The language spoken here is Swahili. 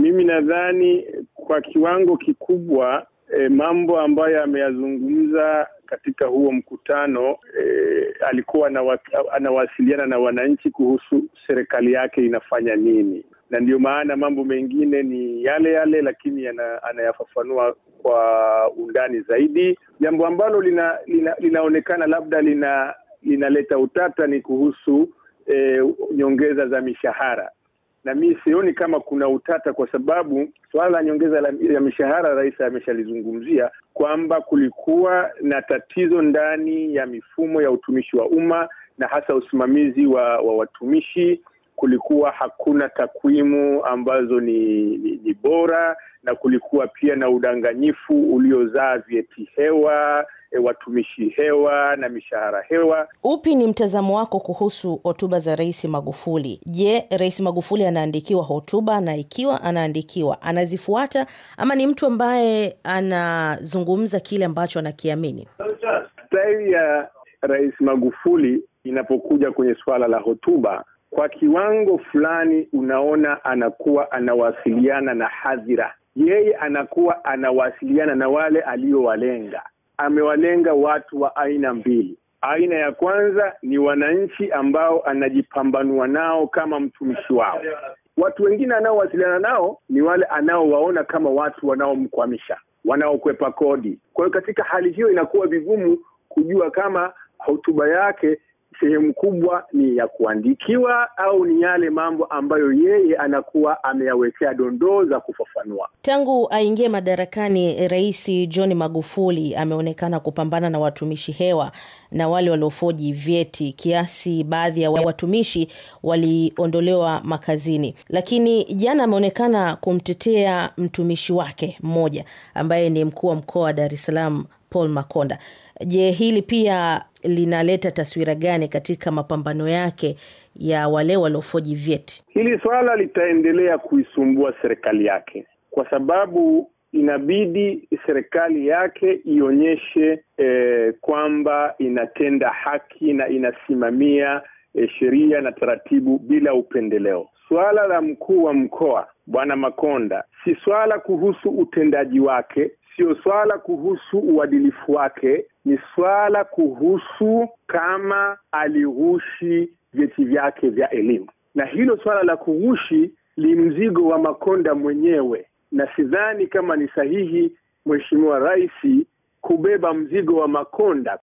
mimi nadhani kwa kiwango kikubwa e, mambo ambayo ameyazungumza katika huo mkutano e, alikuwa anawasiliana na wananchi kuhusu serikali yake inafanya nini, na ndio maana mambo mengine ni yale yale, lakini anayafafanua kwa undani zaidi. Jambo ambalo lina, lina, linaonekana labda lina linaleta utata ni kuhusu e, nyongeza za mishahara na mimi sioni kama kuna utata, kwa sababu swala la nyongeza ya mishahara rais ameshalizungumzia kwamba kulikuwa na tatizo ndani ya mifumo ya utumishi wa umma na hasa usimamizi wa, wa watumishi kulikuwa hakuna takwimu ambazo ni, ni, ni bora na kulikuwa pia na udanganyifu uliozaa vyeti hewa E, watumishi hewa na mishahara hewa. Upi ni mtazamo wako kuhusu hotuba za Rais Magufuli? Je, Rais Magufuli anaandikiwa hotuba na ikiwa anaandikiwa anazifuata, ama ni mtu ambaye anazungumza kile ambacho anakiamini? Staili ya Rais Magufuli inapokuja kwenye suala la hotuba, kwa kiwango fulani unaona anakuwa anawasiliana na hadhira yeye anakuwa anawasiliana na wale aliowalenga. Amewalenga watu wa aina mbili. Aina ya kwanza ni wananchi ambao anajipambanua nao kama mtumishi wao. Watu wengine anaowasiliana nao ni wale anaowaona kama watu wanaomkwamisha, wanaokwepa kodi. Kwa hiyo katika hali hiyo inakuwa vigumu kujua kama hotuba yake sehemu kubwa ni ya kuandikiwa au ni yale mambo ambayo yeye anakuwa ameyawekea dondoo za kufafanua. Tangu aingie madarakani, eh, Rais John Magufuli ameonekana kupambana na watumishi hewa na wale waliofoji vyeti, kiasi baadhi ya watumishi waliondolewa makazini. Lakini jana ameonekana kumtetea mtumishi wake mmoja ambaye ni mkuu wa mkoa wa Dar es Salaam Paul Makonda. Je, hili pia linaleta taswira gani katika mapambano yake ya wale waliofoji vyeti? Hili swala litaendelea kuisumbua serikali yake kwa sababu inabidi serikali yake ionyeshe eh, kwamba inatenda haki na inasimamia eh, sheria na taratibu bila upendeleo. Suala la mkuu wa mkoa Bwana Makonda si swala kuhusu utendaji wake, sio swala kuhusu uadilifu wake, ni swala kuhusu kama alirushi vyeti vyake vya elimu, na hilo swala la kurushi li mzigo wa Makonda mwenyewe, na sidhani kama ni sahihi Mheshimiwa Rais kubeba mzigo wa Makonda.